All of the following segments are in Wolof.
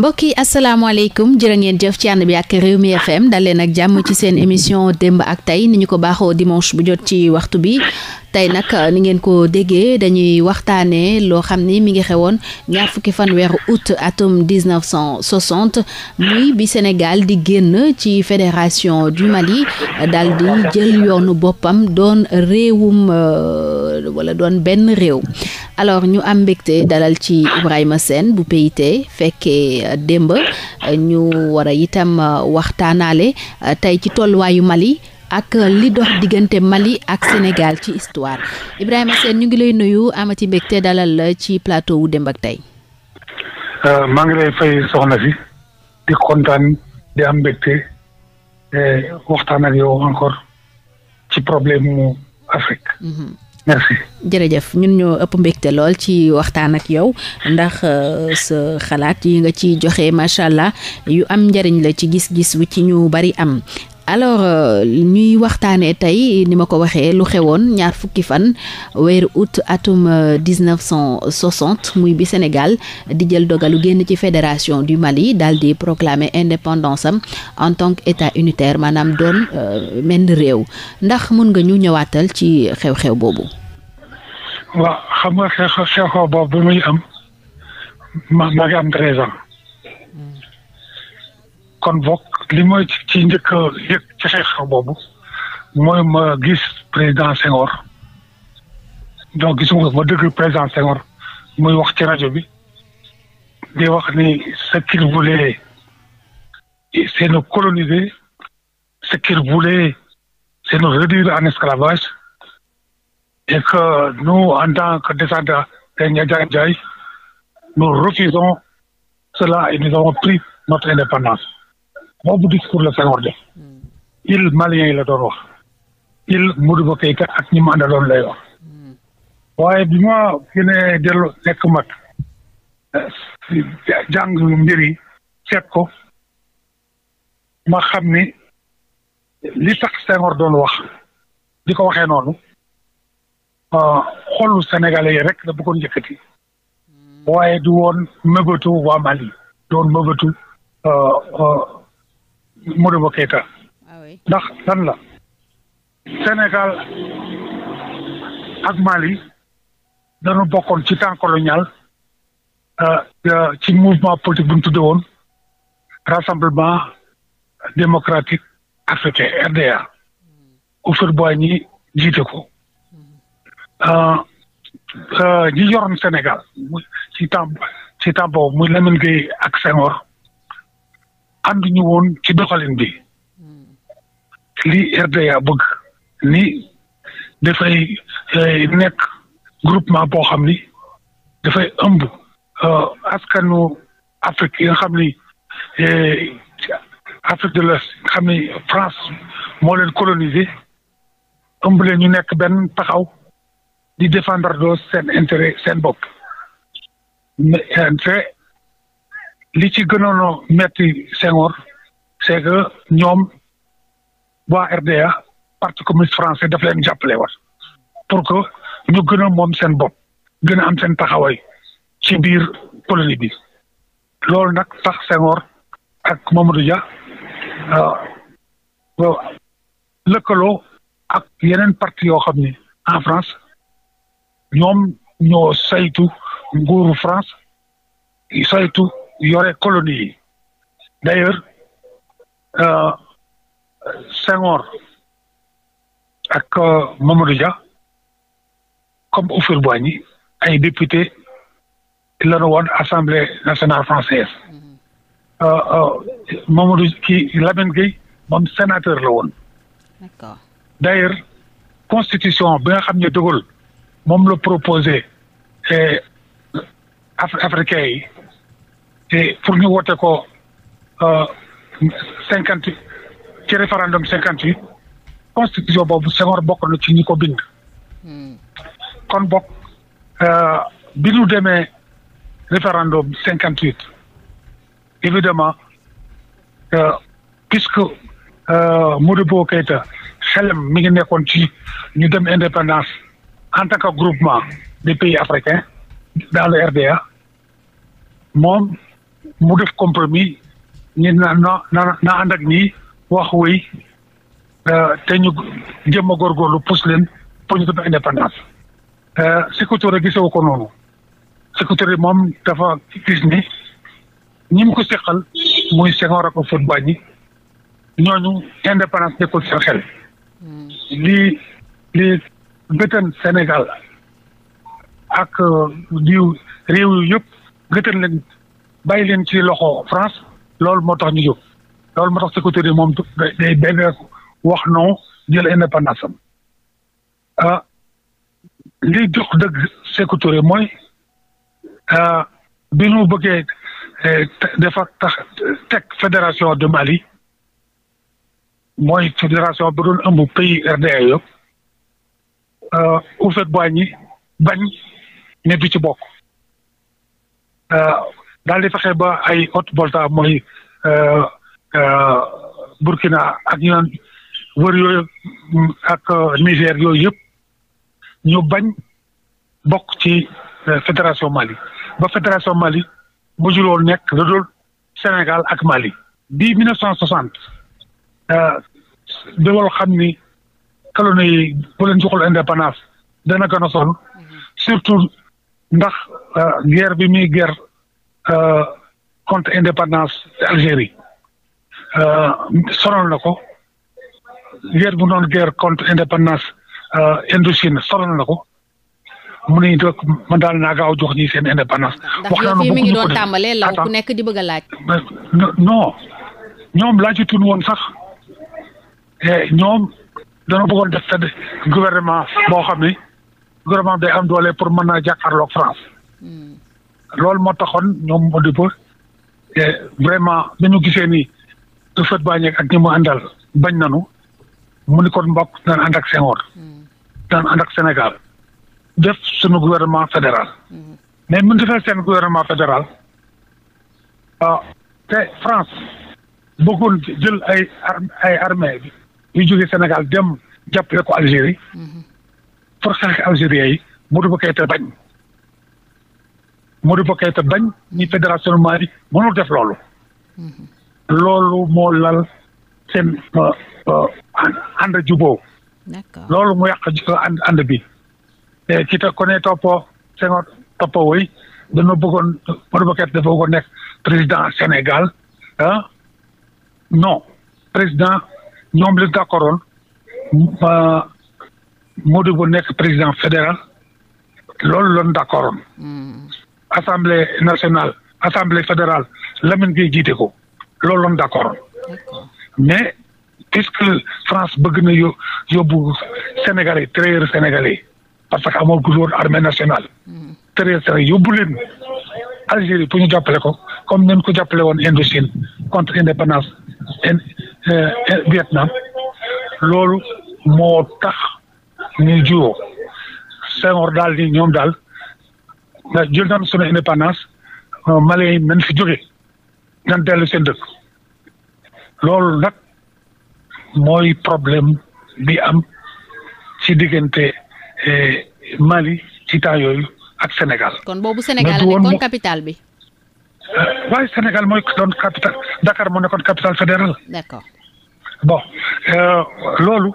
mbokk yi asalaamaaleykum jërë ngeen jëf ci ànd bi ak réew FM dal leen ak jàmm ci seen émission démb ak tey ni ñu ko baaxoo dimanche bu jot ci waxtu bi tey nag uh, ni ngeen ko déggee dañuy waxtaanee loo xam ni mi ngi xewoon ñaar fukki fan weeru août atum 1960 muy bi Sénégal di génn ci fédération du Mali uh, daal jël yoonu boppam doon réewum uh, wala doon benn réew alors ñu am mbégte dalal ci Ibrahima Sène bu PIT fekkee démb ñu war a itam waxtaanaale tey ci tolluwaayu Mali ak euh, li dox diggante Mali ak Sénégal ci histoire Ibrahima Sène ñu ngi lay nuyu amati mbégte dalal ci plateau wu Demb ak Tay. Euh, maa ngi lay fay soxna si di kontaan di am mbégte waxtaan ak yow encore ci problème mu Afrique. Mhm. merci jërëjëf ñun ñoo mbégte lool ci waxtaan ak yow ndax euh, sa xalaat yi nga ci joxe macha allah yu am njariñ la ci gis-gis wu ci ñu bari am alors euh, ñuy waxtaanee tey ni ma ko waxee lu xewoon ñaar fukki fan weeru août atum euh, dix neuf muy bi Sénégal di jël dogalu génn ci fédération du Mali daal di proclamer indépendance am en tant que état unitaire maanaam doon euh, menn réew ndax mun nga ñu ñëwaatal ci xew-xew boobu. waaw xam nga xew-xew boobu bi muy am ma maa am treize li mooy ci njëkk a yëg ci xeex boobu mooy ma gis président Senghor donc gisuma ma dëgg président Senghor muy wax ci rajo bi di wax ni ce qu'il voulait c'est nous coloniser ce qu'il voulait c'est réduire en esclavage et que nous tant que descendants des Ndiaga Ndiaye nous refusons cela et nous avons pris notre indépendance boobu discours la Senghor def il malien yi la doon wax il Modibo Keïta ak ñi mu àndaloon lay wax waaye bi ma gënee dellu nekk mag jàng mbir yi seet ko ma xam ni li tax Senghor doon wax di ko waxee noonu ah, xolu Sénégalais yi rek la bëggoon njëkkati waaye du woon mëbëtu waa Mali doon mëbëtu ah, ah, Modibo Keita ah ndax lan la Sénégal ak Mali dañu bokkoon ci temps colonial euh, euh, ci mouvement politique bu ñu tudde woon rassemblement démocratique africain RDA Houphouët-Boigny jiite ko ji hmm. euh, yoroon Sénégal muy ci temps ci temps boobu muy Lamine Gueye ak Senghor ñu woon ci doxalin bi li RDA bëgg ni dafay euh, nekk groupement boo xam ni dafay ëmb euh, askanu Afrique yi nga xam ni euh, Afrique de l'Ouest nga xam ni France moo leen colonisé ëmb leen ñu nekk benn taxaw di défendre doo seen intérêt seen bopp mais li ci gënoon noo metti Senghor c'est que ñoom waa RDA parti communiste français daf leen jàppale woon pour que ñu gën a moom seen bopp gën a am seen taxaway ci biir colonie bi loolu nag tax Senghor ak Mamadou Dia euh, euh, lëkkaloo ak yeneen parti yoo xam ni en France ñoom ñoo saytu nguuru France saytu. yore colonie yi d'ailleurs euh, Senghor ak euh, Mamadou Dia comme Houphouët-Boigny ay député lanu woon assemblée nationale française mm-hmm. euh, Mamadou kii Lamine Gueye moom sénateur la woon d'ailleurs constitution bi nga xam ne De Gaulle moom la proposé eh, africain yi pour ñu woote ko euh, cinquante ci référendum cinquante huit constitution boobu Senghor bokk na ci ñi ko bind. Hmm. kon bokk euh, bi nu demee référendum cinquante huit évidemment euh, puisque Modibo Keïta xelam mi ngi nekkoon ci ñu dem indépendance en tant que groupement des pays africains dans le RDA moom. mu def compromis ñi na na na ànd ak ñi wax wéy euh, te ñu jëm a góorgóorlu pousse leen pour ñu tudd indépendance Sékou Touré gisewu ko noonu Sékou Touré moom dafa gis ni ñi ko seqal muy Senghor ak Houphouët Boigny ñooñu indépendance nekkul seen xel hmm. lii lii gëtën senegal ak euh, diw réew yu yëpp gëtën leen bàyyi leen ci loxo France loolu moo tax ñu jóg loolu moo tax sécurité bi moom day benn wax non jël indépendance am ah liy jox dëgg sécurité mooy ah, bi nu bëggee eh, defar tax fédération de Mali mooy fédération bu doon ëmb pays RDA yëpp ah, Houphouët-Boigny bañ ne du ci bokk. Ah, daal di fexe ba ay haute bolta mooy euh, euh, Burkina ak ñu naan wër yooyu euh, yëpp ñu bañ bokk ci fédération Mali ba fédération Mali mujjuloo nekk lu dul Sénégal ak Mali. bi 1960 di loolu xam ni colonie yi bu leen joxul indépendance dana gën a sonn mm-hmm. surtout ndax guerre bi muy guerre. Euh, contre indépendance Algérie euh, sonal na ko guerre bu noonu guerre contre indépendance euh, Indochine sonal na ko mu ne ñu man daal naa gaaw jox ñi seen indépendance. wax nañu mu ngi tàmbalee law ku nekk di bëgg a laaj. non ñoom laajutun woon sax eh, ñoom dañoo bëggoon def seen gouvernement boo xam ni gouvernement day am doole pour mën a jàkkaarloog France. Hmm. loolu moo taxoon ñoom Modibo eh, vraiment dañu gisee ni Houphouët Boigny ak ñi mu bañ nanu mu ni kon mbokk daan ànd ak Senghor daan ànd ak Sénégal def suñu gouvernement fédéral mm-hmm. mais mun defee seen gouvernement fédéral ah te France bëggoon jël ay ay armée bi yu jógee Sénégal dem jàppale ko Algérie mm-hmm. pour xeex Algérie yi mu du kay te bañ Modibo Keïta bañ ni fédération Mali mënul def loolu mhm. loolu moo lal seen euh, euh, ànd juboo loolu mu yàq ànd ànd bi te eh, ki ta ko ne toppoo Senghor toppoo woy dañoo bëggoon Modibo Keïta dafa bëggoon nekk président Sénégal ah non président ñoom li d'accordoon Modibo nekk président fédéral loolu loon d'accordoon mhm. assemblée national assemblée fédéral Lamine Gueye jiite ko loolu lañ d'accord mais puisque France bëgg na yó yóbbu Sénégalais treize Sénégalais parce que amoo guddóor armée national hmm. treize Sénégalais yóbbu leen Algérie pour ñu jàppale ko comme nañ ko jàppale woon Indochine contre indépendance in euh, Vietnam loolu moo tax ñu jiwoo Senghor daal ni ñoom daal ndax jël euh, nañ sunu indépendance Mali nañ si jóge nañ dellu seen dëkk loolu nag mooy problème bi am ci diggante euh, Mali ci temps yooyu ak Sénégal. kon boobu Sénégal la nekkoon capitale bi. Euh, waaye Sénégal mooy doon capitale Dakar moo nekkoon capitale fédérale. d'accord bon loolu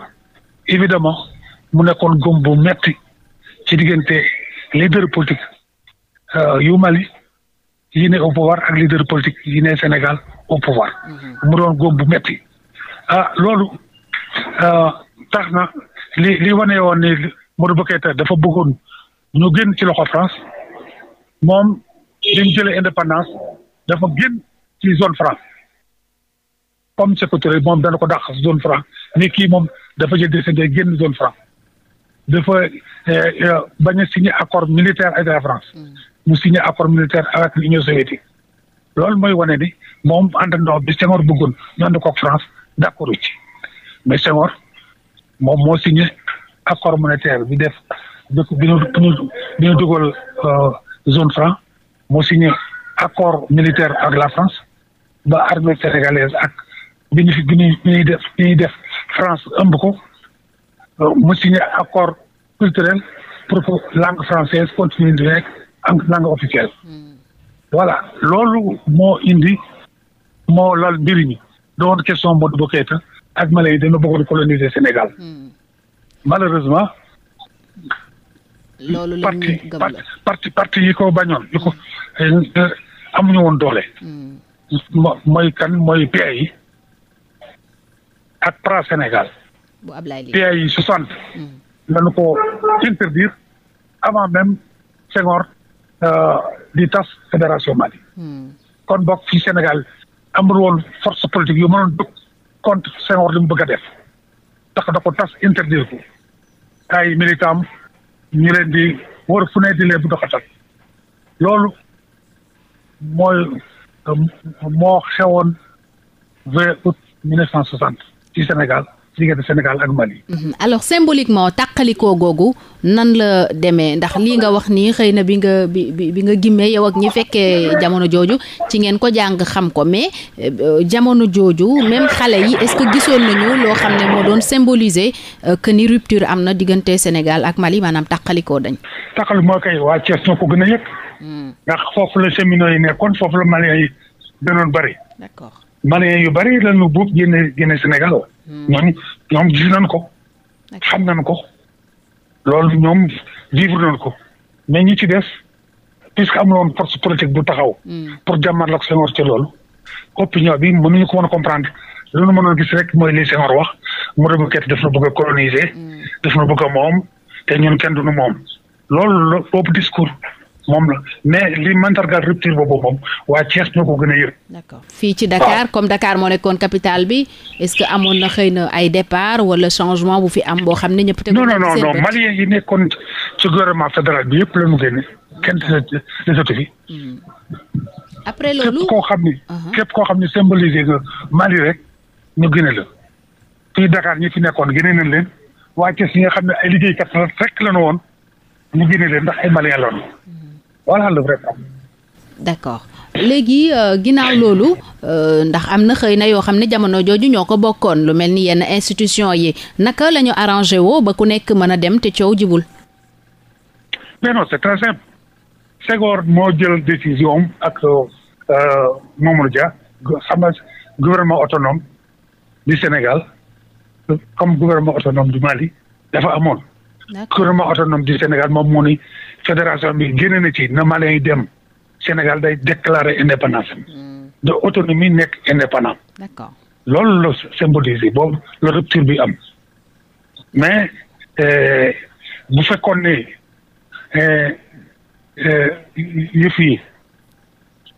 évidemment mu nekkoon góom bu metti ci diggante leader politique. Euh, yu Mali yi ne au pouvoir ak leader politique yi ne Sénégal au pouvoir mhm. mu doon góob bu metti ah loolu euh, tax na li li wane woon ni Ba Keita dafa bëggoon ñu génn ci loxo France moom dañ jëlee indépendance dafa génn ci zone franc comme Sékou Touré moom dana ko dàq zone franc mais kii moom dafa jël décidé génn zone franc dafa euh, bañ a accord militaire avec la France mhm. mu signé accord militaire avec l'Union soviétique loolu mooy wane ni moom àndandoo bi Senghor bëggoon ñu ànd ko France d'accord ci mais Senghor moom moo signé accord monétaire bi def dëkk bi ñu bi ñu dugal euh, zone franc moo signé accord militaire ak la France ba armée sénégalaise ak bi ñu fi bi ñuy def bi ñuy def France ëmb ko euh, mu signé accord culturel pour que langue française continue di nekk am langue officielle hmm. voilà loolu moo indi moo lal mbir mi doon question Modibo Keïta ak Malais yi dana coloniser Sénégal hmm. parti parti yi ko bañoon yi ko eh, amuñu woon doole. Hmm. mooy kan mooy PA ak PRA Sénégal. bu Ablaye Ly PA ko interdire avant même Senghor Euh, di tas fédération Mali. Hmm. kon bokk fii Sénégal amul woon force politique yu mënoon dugg contre Senghor li mu bëgg a def tax da ko tas interdire ko leen di wër fu ne di bu doxatal loolu mooy euh, moo xewoon vingt août mille neuf cent soixante ci Sénégal. diggante Sénégal ak Mali. Mhm. alors symboliquement tàqalikoo googu nan la demee ndax li nga wax nii xëy na bi nga bi nga gimmee yow ak ñi fekkee jamono jooju ci ngeen ko jàng xam ko mais euh, jamono jooju même xale yi est-ce que gisoon nañu loo xam ne moo doon symboliser euh, que ni rupture am na diggante Sénégal ak Mali maanaam tàqalikoo dañ. tàqali moo koy waa Thiès ñoo ko gën a yëg. Hmm. ndax foofu la cheminots yi nekkoon foofu la maliens yi gënoon bëri. d'accord maliens yu bëri lañu buub génne Hmm. ñooñu ñoom gis nañ ko. xam nañ ko. loolu ñoom vivre nañ ko mais ñi ci def des puisque am loon force politique bu taxaw. Hmm. pour jàmmal ak Senghor ci loolu. opinion bi mënuñu ko mën a comprendre lu nu mënoon gis rek mooy li Senghor wax mu dem kett def na bëgg a coloniser. Hmm. daf na bëgg moom te ñun kenn du nu moom loolu la boobu discours. moom la mais li mandargaal rupture boobu moom waa Thiès ñoo ko gën a yëg. fii ci Dakar comme Dakar moo nekkoon capital bi est-ce que amoon na xëy na ay départ wala changement bu fi am boo xam ne ñëpp. te non non non non Maliens yi nekkoon ci gouvernement bi yëpp la ñu génne kenn hmm. après loolu koo xam ne uh-huh. képp koo xam ni symboliser nga Mali rek ñu génne la fii Dakar ñi fi nekkoon génne nañ leen waa Thiès yi nga xam ne ay liggéeykat rek la ñu woon ñu génne leen ndax ay Maliens la voilà le vrai problème. d'accord léegi euh, ginaaw loolu euh, ndax am na xëy na yoo xam ne jamono jooju ñoo ko bokkoon lu mel ni yenn institution yi naka lañu ñu woo ba ku nekk mën a dem te coow jibul. mais moo jël décision ak euh, Mamadou ja xam nga gouvernement autonome du Sénégal comme gouvernement autonome du Mali dafa amoon. gouvernement autonome du Sénégal moom moo ni fédération bi génne na ci na Mali yi dem Sénégal day déclarer indépendance mm. de autonomie nekk indépendant. lool loolu la symboliser boobu la bi am mais euh, bu fekkoon ne euh, euh, yëf yi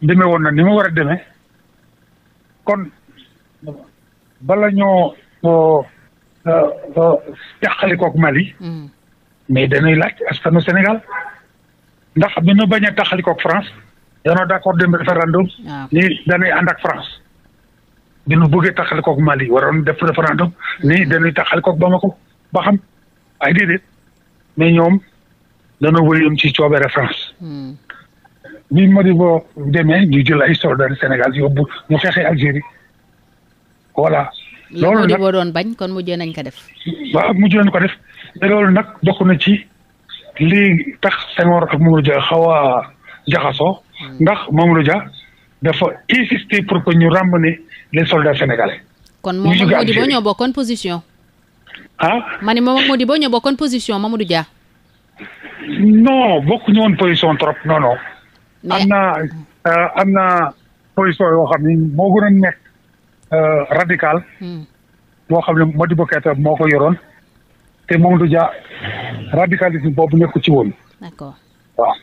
demee woon na ni mu war a demee kon bala ñoo càqali kook Mali mm. mais dañuy laaj askanu Sénégal ndax bi ñu bañ a taxalikook France danoo d'accord dem référendum ah. nii dañuy ànd ak France bi ñu bëggee taxalikook Mali waroon def référendum nii dañuy taxalikook Bamako ba xam ay déedéet mais ñoom danoo wëyoon ci coobere France hmm. bi Modibo demee ñu jël ay soldats Sénégal yóbbu ñu xeexee Algérie voilà loolu nag Modibo doon bañ kon nañ ko def ko def ci lii tax Senghor ak Mamadou Dia xaw a jaxasoo mm. ndax Mamadou Dia dafa insister pour que ñu ramener les soldats sénégalais. kon moom ak Modibo ñoo bokkoon position. ah ma ne moom ak Modibo ñoo bokkoon position Mamadou Dia. non bokkuñu woon position trop non non. am na euh, am na position yoo xam ni moo nekk euh, radical. Mm. xam ne Modibo Keïta moo ko yoroon. te Mamadou Dia radicalisme boobu nekku ci woon. d'accord waaw.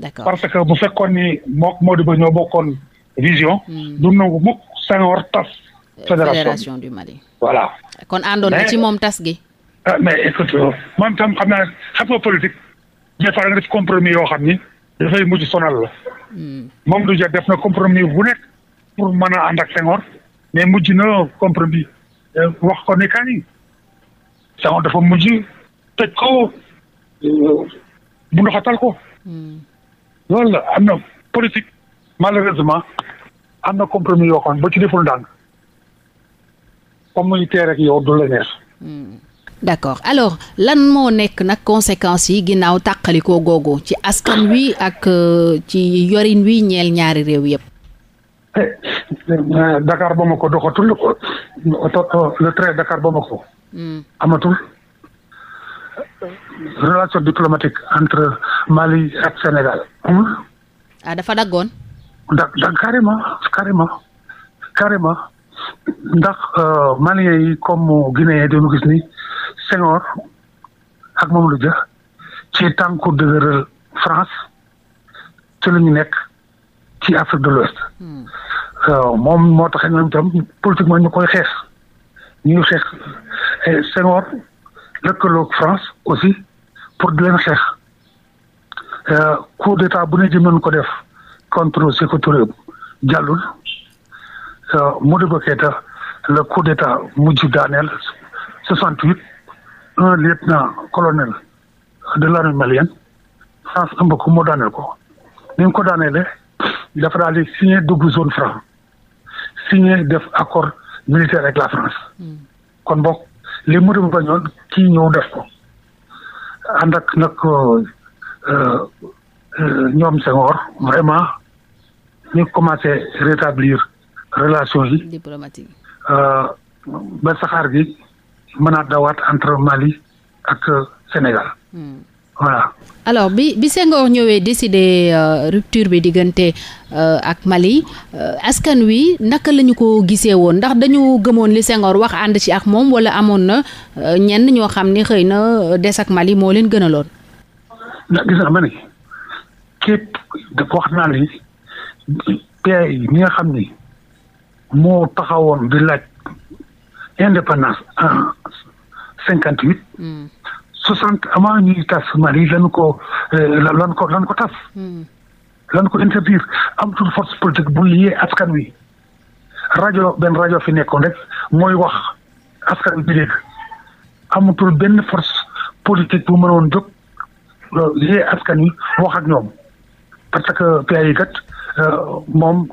d'accord euh, parce que bu fekkoon ni mook Mody Ba ñoo bokkoon vision. Hmm. du nangu mukk Senghor tas. Euh, fédération du Mali. voilà kon àndoon na ci moom tas gi. Euh, mais écoute man tam xam naa xam nga politique. des nga def compromis yoo xam ni. dafay mujj sonal la. moom Mamadou Dia def na compromis bu nekk pour mën a ànd ak mais mujj na compromis wax ko ni Senghor dafa mujj te ko bu ndoxatal ko hmm. loolu la am na politique malheureusement am na compromis yoo xam ba ci deful ndànk communautaire ak yow du la neex hmm. d'accord alors lan moo nekk nag conséquences yi ginnaaw tàqalikoo googu ci askan wi ak euh, ci yorin wi ñeel ñaari réew yépp eh, Dakar Bamako doxatul le train Dakar Bamako amatul relation diplomatique entre Mali ak Sénégal amul. ah dafa daggoon. da da carrément carrément carrément ndax euh, Maliens yi comme Guinéens yi dañu gis ni Senghor ak Mamadou Dia ci tànku dëgëral France ci la nekk ci Afrique de l'Ouest hmm. euh, moom moo tax ñoom itam politiquement ñu koy xeex ñuy xeex Senghor lëkkaloog France aussi pour di leen xeex euh, coup d'état bu ne jëmoon ko def contre Sékou Touré jàllul euh, Modibo Keïta le coup d'état mujj daaneel soixante huit un lieutenant colonel de l'armée malienne France ëmb ko moo daaneel ko ni mu ko daaneele dafa daal di signé dugg zone franc signé def accord militaire avec la France hmm. kon bokk li moto bi bañoon kii ñëw def ko ànd ak nag euh, euh, ñoom Senghor vraiment ñu commencé rétablir relation yi diplomatique euh, ba saxaar gi mën a dawaat entre Mali ak Sénégal. Hmm. voilà. alors bi bi Senghor ñëwee décidé euh, rupture bi diggante euh, ak Mali euh, askan wi naka la ko gisee woon ndax dañu gëmoon li sengoor wax ànd ci ak moom wala amoon na euh, ñenn ñoo xam ni xëy na des ak Mali moo leen gënaloon. ndax gis nga ma ne képp wax naa ni tey ñi nga xam ni moo taxawoon di laaj indépendance en cinquante huit. Hmm. soixante avant ñuy tas Mali lan ko euh, lan ko lan ko tas. Hmm. lan ko interdire amatul force politique bu lié askan wi rajo benn rajo fi nekkoon rek mooy wax askan wi bi dégg amatul benn force politique bu mënoon jóg lié askan wi wax ñoom parce que PA yi kat euh, moom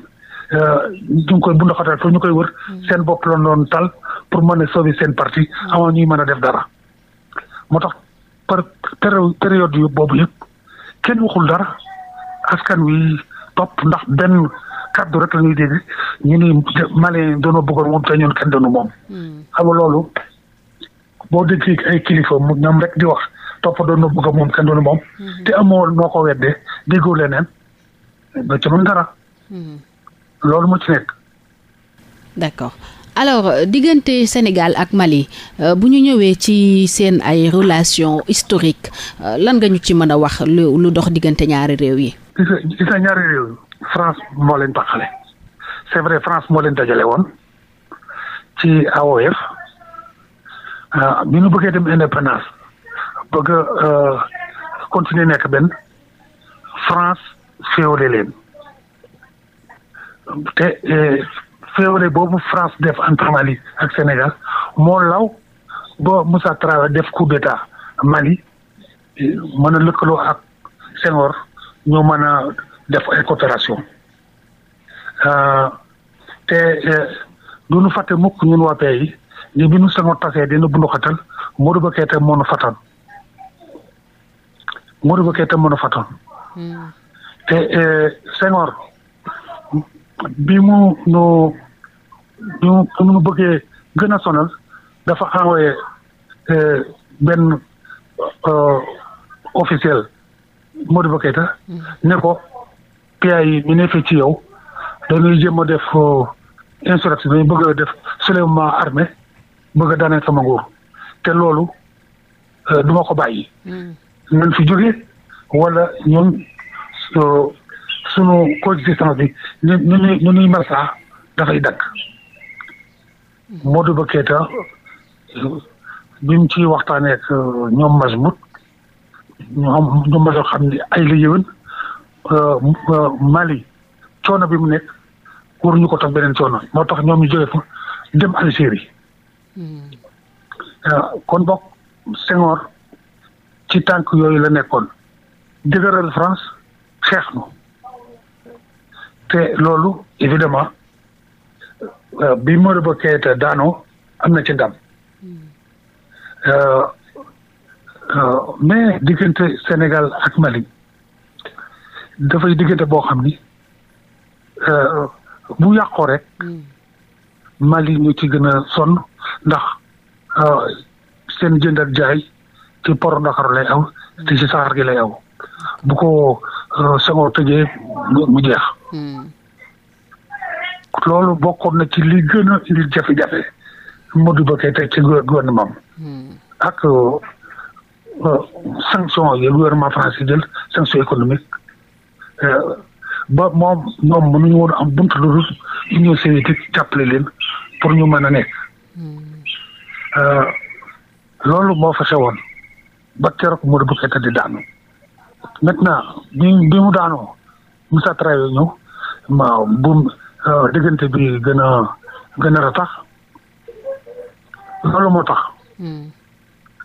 euh, ñu ngi koy bu ndoxatal foofu ñu koy wër hmm. seen bopp la doon tal pour mën a sauver seen parti hmm. avant ñuy mën a def dara moo tax par période yu boobu yëpp kenn waxul dara askan wi topp ndax benn kaddu rek la ñuy dégg ñu ni Malien doonoo moom te ñun kenn doonu moom. Hmm. xam loolu boo déggee ay kilifa mu ñoom rek di wax topp doonoo bëgg moom kenn doonu moom. Hmm. te amoo noo ko weddee déggoo leneen ba ci mën dara. Hmm. loolu moo ci nekk. d'accord. alors euh, diggante Sénégal ak Mali euh, bu ñu ñëwee ci seen ay relation historique euh, lan nga ñu ci mën a wax lu lu dox diggante ñaari réew yi. gis nga ñaari réew yi France moo leen taxale c'est vrai France moo leen dajale woon ci AOF bi ñu bëggee dem indépendance bëgg continuer nekk benn France féewale leen te. février boobu France def entre Mali ak Sénégal moo law ba Moussa Traoré def coup d'état Mali mën a lëkkaloo ak Senghor ñu mën a def ay coopération euh, te du ñu fàtte mukk ñun waa pays yi ni bi ñu Senghor tasee dina bundu xatal Modibo Keïta moo nu fatoon hmm. te euh, Senghor bi mu nu nu ñu bëggee gën a sonal dafa envoyé euh, benn euh, officiel Modibo Keita ne ko PA yi mu ne fi ci yow dañuy jéem a def euh, insurrection dañu bëgg def soulèvement armé bëgg a daaneel sama nguur te loolu du ko bàyyi. Hmm. nañ fi jóge wala ñun sunu coexistence bi ñu ñu ñuy ñu ñuy dafay dagg. Modibo Keita bi mu ci waxtaanee ak euh, ñoom Mazmout ñu xam ñu xam ne ay la yëwén euh, euh, Mali coono bi mu nekk waruñu ko tax beneen coono moo tax ñoom ñu jógee fa dem Algérie hmm. kon bokk Senghor ci tànk yooyu la nekkoon dëgëral France xeex nu te loolu évidemment bi Modibo Keïta daano am na ci ndam hmm. euh, euh, mais diggante Sénégal ak Mali dafay diggante boo xam ni euh, bu yàqoo rek hmm. Mali ñu ci gën a sonn ndax seen jëndal ak jaay ci poro Ndakaaru lay aw te ci saxaar gi lay aw bu ko Senghor tëjee mu jeex. Hmm. loolu bokkoon na ci li gën a li jafe-jafe Modou Ba koy ci gouvernement ak euh, euh, sanction yi gouvernement français jël sanction économique euh, ba moom nu mënuñu woon am bunt lu dul Union soviétique jàppale leen pour ñu mën a nekk loolu moo fa xewoon ba keroog Modou Ba koy di daanu maintenant bi bi mu daanoo Moussa Traoré ñëw ma bu Euh, diggante bi gën a gën a moo tax. Hmm.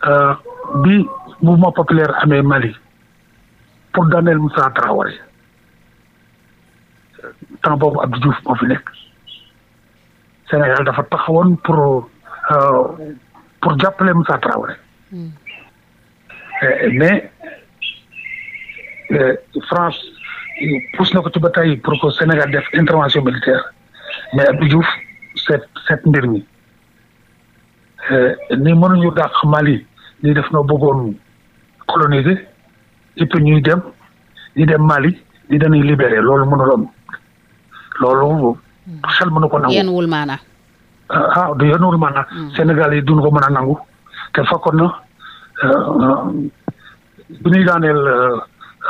Euh, bi mouvement populaire amee Mali pour daaneel Moussa Traoré temps boobu Abdou Diouf moo fi nekk Sénégal dafa taxawoon pour euh, pour jàppale Moussa Traoré. Hmm. mais France. pousse na ko ci ba tey pour que Sénégal def intervention militaire mais Abdou Diouf set set mbir mi euh, ni mënuñu dàq Mali ni def noo bëggoon coloniser ëpp ñuy dem ñi dem Mali di dañuy libéré loolu mënul am loolu hmm. xel mënu ko nangu. yéen wul maanaam. Ah, ah du yéen wul hmm. Sénégal yi duñ ko mën a nangu te fekkoon na euh, euh, bu ñuy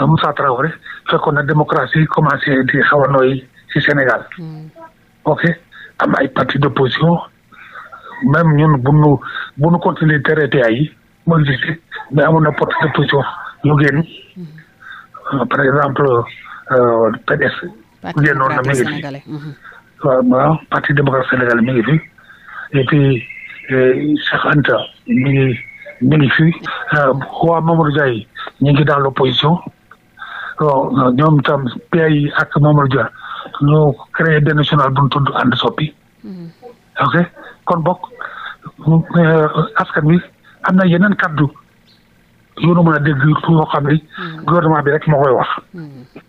Euh, Moussa Traoré fekkoon na démocratie commencé di xaw a nooy ci Sénégal. Mm. ok am ay parti d'opposition même ñun bu nu bu nu continuer tere yi moo existé mais amoon na parti d'opposition yu génn mm-hmm. euh, par exemple euh, PDS. génnoon na mi ngi fi mm-hmm. waaw waaw parti mi ngi fi et puis Cheikh Anta mi ngi mi ngi fi waa Mamadou Ndiaye ngi dans l'opposition. ñoom itam PAI ak Mamadou Dia ñoo créé de national bu ñu tudd ànd soppi. Mm-hmm. ok kon bokk euh, askan wi am na yeneen kaddu yu nu mën a dégg yoo xam ni mm-hmm. bi rek moo koy wax. Mm-hmm.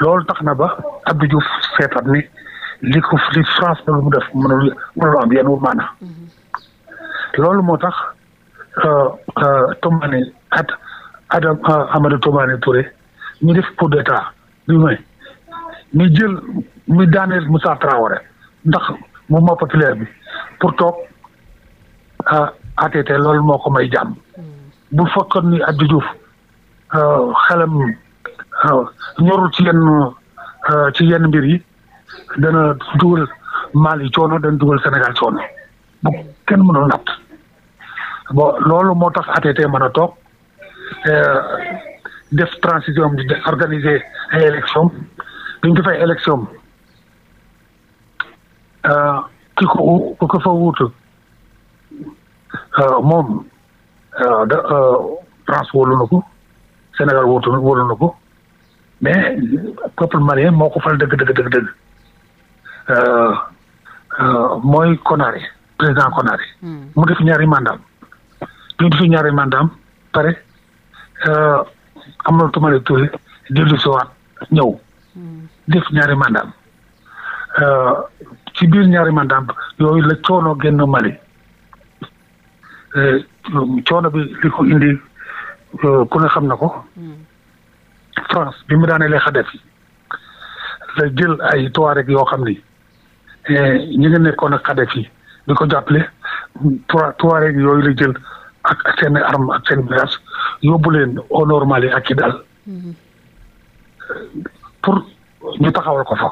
loolu tax na ba Abdou Diouf seetat ni li ko li France ba mu def mënul mënul moo tax euh, euh, Toumani at Adam Amadou Toumani Touré. ñu def coup d'état du may ñu jël mu daaneel Moussa Traoré ndax mouvement populaire bi pour toog ah, ATT loolu moo ko may jàmm bu fekkoon ni Abdou Diouf euh, xelam euh, ñorul ci yenn euh, ci yenn mbir yi dana dugal Mali coono dana dugal Sénégal coono bu kenn mënul natt bon loolu moo tax ATT mën a toog def transition organise organiser ay élection bi ñu defee élection euh, ki ko ku ko fa wuutu euh, moom euh, da France wóolu na ko Sénégal wóotu wóolu mais peuple malien moo ko fal dëgg dëgg dëgg dëgg mooy président Konaré hmm. mu def ñaari mandaam bi def ñaari mandaam pare Aminata Mary Touré dellu si waat ñëw hmm. def ñaari mandaam euh, ci biir ñaari mandaam yooyu la coono génn Mali euh, coono bi li ko indi euh, ku ne xam na ko hmm. France bi mu daanee lay Kadhafi la jël ay Touareg yoo xam ni eh, ñu nga nekkoon ak fi di ko jàppale Touareg yooyu la jël ak seen arme ak seen bagage yóbbu leen au normal ak ci dal mhm. pour ñu taxawal ko fa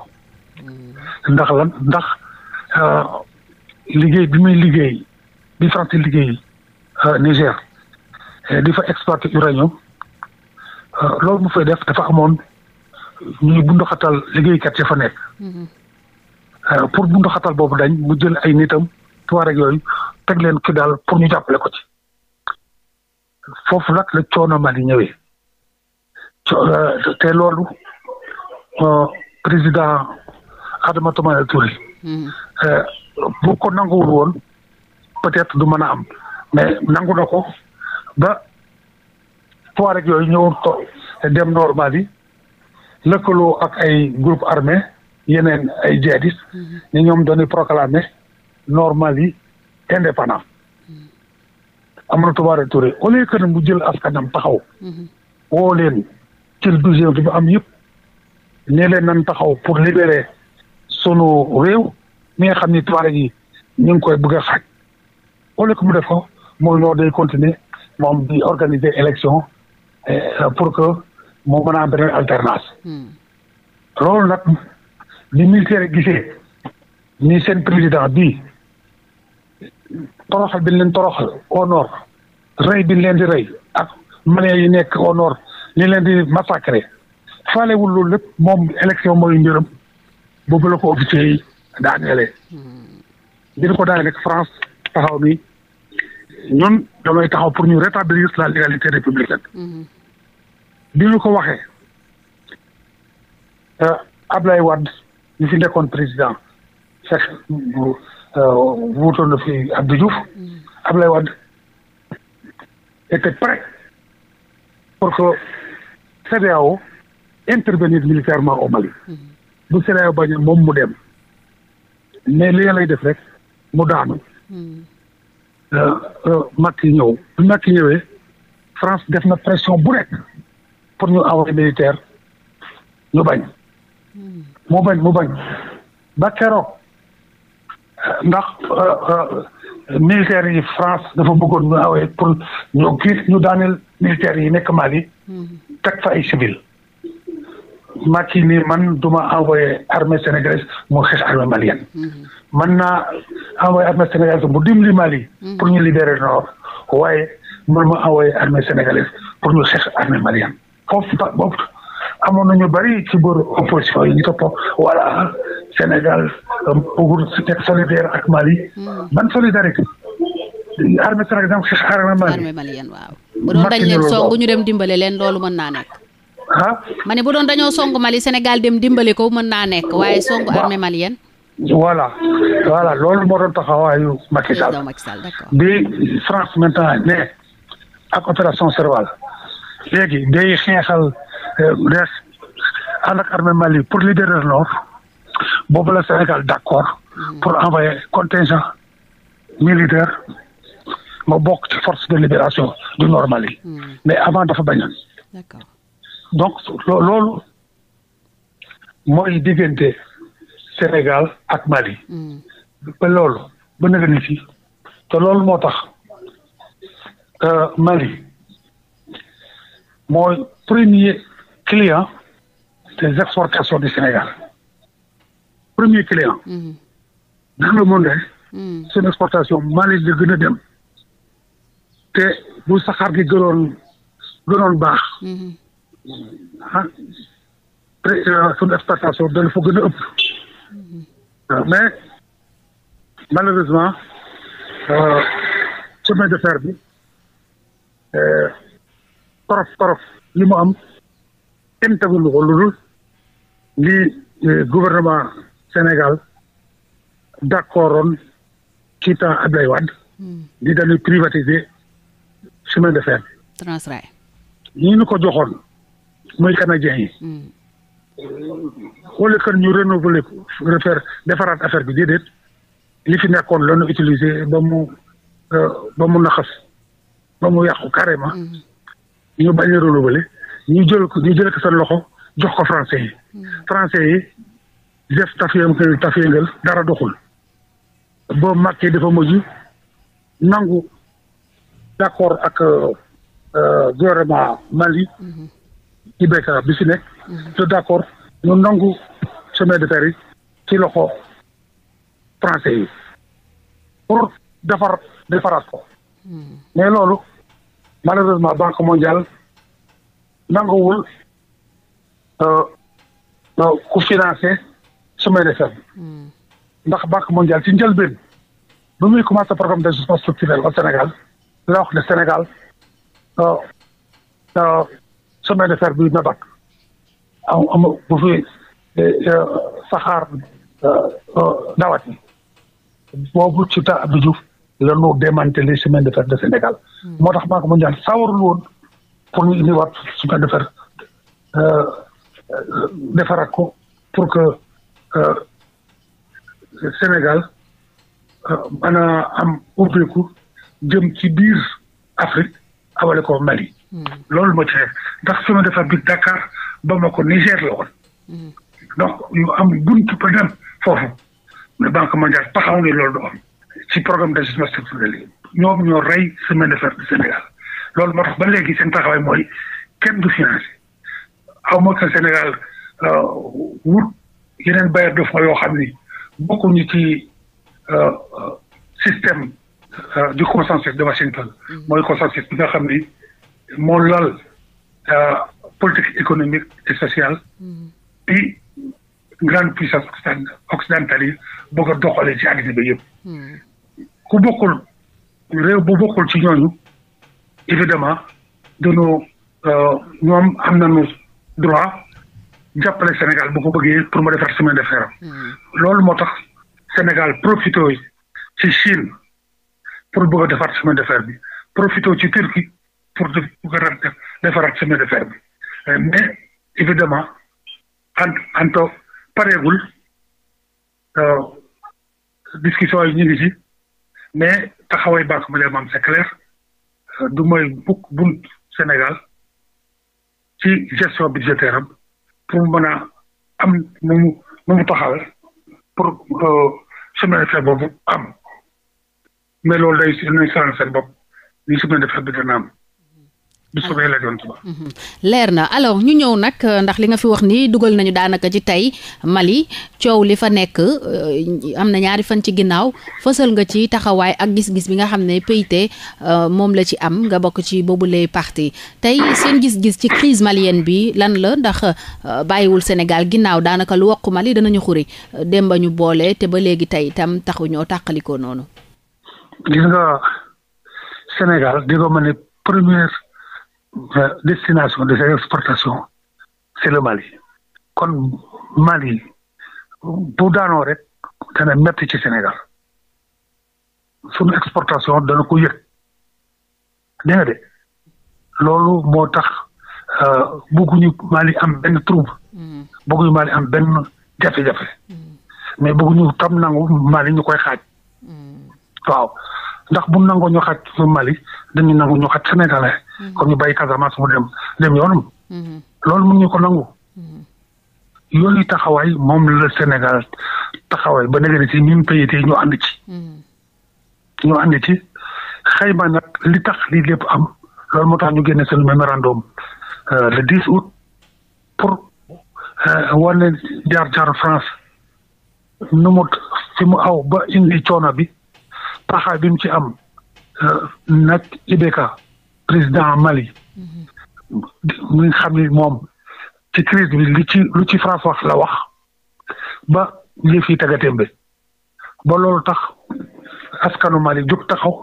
mhm. ndax lan ndax euh, liggéey bi muy liggéey bi France liggéey euh, Niger di fa exploiter uranium euh, loolu mu fay def dafa amoon ñuy bunduxatal liggéeykat ya fa nekk mhm. pour bunduxatal boobu dañ mu jël ay nitam tuwaar ak yooyu teg ki daal pour ñu jàppale ko ci foofu nag la coono Mali ñëwee euh, te loolu euh, président Adama Toumani Touré. Hmm. Euh, bu ko nanguwul woon peut-être du mën a am mais nangu na ko ba poids rek yooyu ñëw dem noor Mali lëkkaloo ak ay groupe armé yeneen ay djihadistes. Hmm. ni ñoom doon proclamé normal yi indépendant. Aminata Touré Touré au lieu que mu jël askanam taxaw. Mhm. woo leen jël douzième am yëpp ne leen nan taxaw pour libérer sunu réew mi nga xam ni tubaab yi ñu ngi koy bëgg a xaaj ole ko que mu def ko mooy noo day continuer moom di organiser élection eh, pour que moom mën a am beneen alternance. Hmm. loolu nag li militaire gisee ni seen président bii. toroxal bi leen toroxal au rey bi leen di rey ak malien yi nekk au li leen di massacré faalewul loolu lépp moom élection mooy mbiram boobu la ko officier yi daaneele hmm. dina ko daane rek France taxaw ni ñun damay taxaw pour ñu rétablir la légalité républicaine bi hmm. ñu ko waxee euh, Ablaye Wade ñu fi nekkoon président fekk Euh, wuutoon na fi Abdou Diouf Abdoulaye Wade était prêt pour que CEDEAO intervenir militairement au bu CEDEAO bañee moom mu dem mais li lay def rek mu daanu euh, euh, Macky ñëw bu Macky ñëwee France def na pression bu rek pour ñu envoyé militaire ñu bañ mu bañ mu bañ ba keroog ndax euh, euh, militaires yi France dafa bëggoon ñu awee pour ñu kiir ñu daaneel militaires yi nekk Mali hmm. teg fa ay civil Macky ni man duma envoyé armée sénégalaise mu xeex armée malienne hmm. man naa envoyé armée sénégalaise bu dimbali Mali hmm. pour ñu libérer nord waaye man ma envoyé armée sénégalaise pour ñu xeex armée malienne amoon nañu bari ci bor opposition yi ñu topp voilà Sénégal euh, pour nekk solidaire ak Mali hmm. ban solidarité armée Sénégal da nga xeex armée malienne waaw bu doon dañ leen ñu dem dimbale leen loolu mën naa nekk ah ma ne bu doon dañoo song Mali Sénégal dem dimbale ko mën naa nekk waaye song armée malienne voilà voilà loolu moo doon taxawaayu Macky Sall bi France maintenant ne ak opération Serval léegi day xeexal Eh, des ànd ak armée Mali pour leader de boobu la Sénégal d'accord pour envoyer contingent militaire ma bokk ci force de libération du nord Mali hmm. mais avant dafa bañoon donc loolu mooy diggante Sénégal ak Mali hmm. ba loolu ba naga ni te loolu moo tax euh, Mali mooy premier client des exportations du Sénégal. premier client. Mhm. dans le monde. Mhm. seen exportation Mali la gën a dem. te bu saxaar gi gënoon gënoon baax. Mhm. ah euh, sunu exportation dana fa gën a ëpp. Euh, mais malheureusement euh, chemin de fer bi trop trop li mu am. kenn teguñu ko lu dul lii eh, gouvernement Sénégal d'accordoon ci temps Abdoulaye Wade hmm. di dañuy privatiser chemin de fer. Transrail. ñi ñu ko joxoon muy canadiens yi. Hmm. xooli kan ñu renouveler refaire defaraat affaire bi déedéet li fi nekkoon la ñu utiliser ba mu euh, ba mu naxas ba mu yàqu carrément. Hmm. ñu bañ a renouveler ñu jël ko ñu jël ko seen loxo jox ko français yi. Hmm. français yi def tafiyeengal tafiyeengal dara doxul. ba Macky dafa mujj nangu d'accord ak euh, euh, gouvernement Mali. Hmm. IBK bi fi nekk. Hmm. te d'accord ñu nangu chemin de fer yi ci loxo français yi pour defar defaraat ko. mais loolu malheureusement banque mondiale. nanguwul euh, euh, ku financé chemin de fer ndax banque mondiale ci njëlbeen bu muy commencé programme d'ajustement structurel au Sénégal dina wax ne Sénégal chemin euh, de fer bi na dakk am am bu fi saxaar dawati boobu ci ta la ñu démantelé chemin de fer de Sénégal hmm. moo tax banque mondiale sawarul woon pour ñu indiwaat chemin de fer defaraat ko pour que euh, Sénégal euh, mën am ubbeeku jëm ci biir Afrique awale ko Mali. Hmm. loolu moo ci nekk ndax chemin de fer bi Dakar Bamako Niger la woon. Hmm. donc ñu am buntu ba dem foofu mais Banque mondiale taxaw ne loolu du am ci programme d'ajustement structurel yi ñoom ñoo de Sénégal. loolu moo tax ba léegi seen mooy kenn du financé xaw ma que Sénégal euh, wut yeneen bailleurs de fonds yoo xam ni bokkuñu ci euh, système euh, du consensus de Washington. Mm-hmm. mooy consensus bi nga xam ni moo lal politique économique et social mm-hmm. bi grande puissance occidentale yi bëgg a doxalee ci àddina bi yëpp. Mm-hmm. ku bokkul réew bu bokkul ci ñooñu. évidemment dañoo euh, ñoom am nañu droit jàppale Sénégal bu bëggee pour ma defar semaine de fer hmm. loolu moo tax Sénégal profité ci Chine pour bëgg a defar chemin de fer bi profité ci Turquie pour bëgg a defaraat chemin de fer bi euh, mais évidemment en en tant pareegul euh, discussion yi ñu mais taxaway baax mu leen am c'est du mooy bukk bunt Sénégal ci gestion budgétaire am pour mën a am nu mu nu pour euh, chemin de fer boobu am mais loolu day nañ saran seen bopp li chemin de fer bi dana bu ah. mhm. leer na alors ñu ñëw nag euh, ndax li nga fi wax ni dugal nañu daanaka ci tey Mali coow li fa nekk euh, am na ñaari fan ci ginnaaw fësal nga ci taxawaay ak gis-gis bi nga xam ne PIT euh, moom la ci am nga bokk ci boobule parti tey seen gis-gis ci crise malienne bi lan la ndax bàyyiwul Sénégal ginnaaw daanaka lu wokk Mali danañu xuri dem ba ñu boole te ba léegi tey itam taxuñoo tàqalikoo noonu. gis nga Sénégal di ko mën ne première la destination de ces exportations c'est le Mali kon Mali bu daanoo rek dana metti ci Sénégal sunu exportation dana ko yëg dégg de loolu moo tax euh, bëgguñu Mali am benn trouble mm. bëgguñu Mali am benn jafe-jafe mm. mais bëgguñu tam nangu Mali ñu koy xaaj mm. waaw ndax bu nangoo ñu xaaj Mali dañu nangu ñu xaaj sénégalais kon mhm. ñu bàyyi Casamance mu dem dem yoonam. Mhm. loolu mun ñu ko nangu. Mhm. yooyu taxawaay moom la Sénégal taxawaay ba léegi ci ñun pays ñu ànd ci. ñu ànd ci xayma nag li tax lii lépp am loolu moo tax ñu génne seen mémorandum euh, le 10 août pour euh, wane jaar-jaar France nu mu fi mu aw ba indi coono bi taxaw bi mu ci am euh, nag IBK. président Mali mi mm-hmm. nga xam ni moom ci crise bi ci lu ci France wax la wax ba yëf yi tagatémbe ba loolu tax askanu Mali jóg taxaw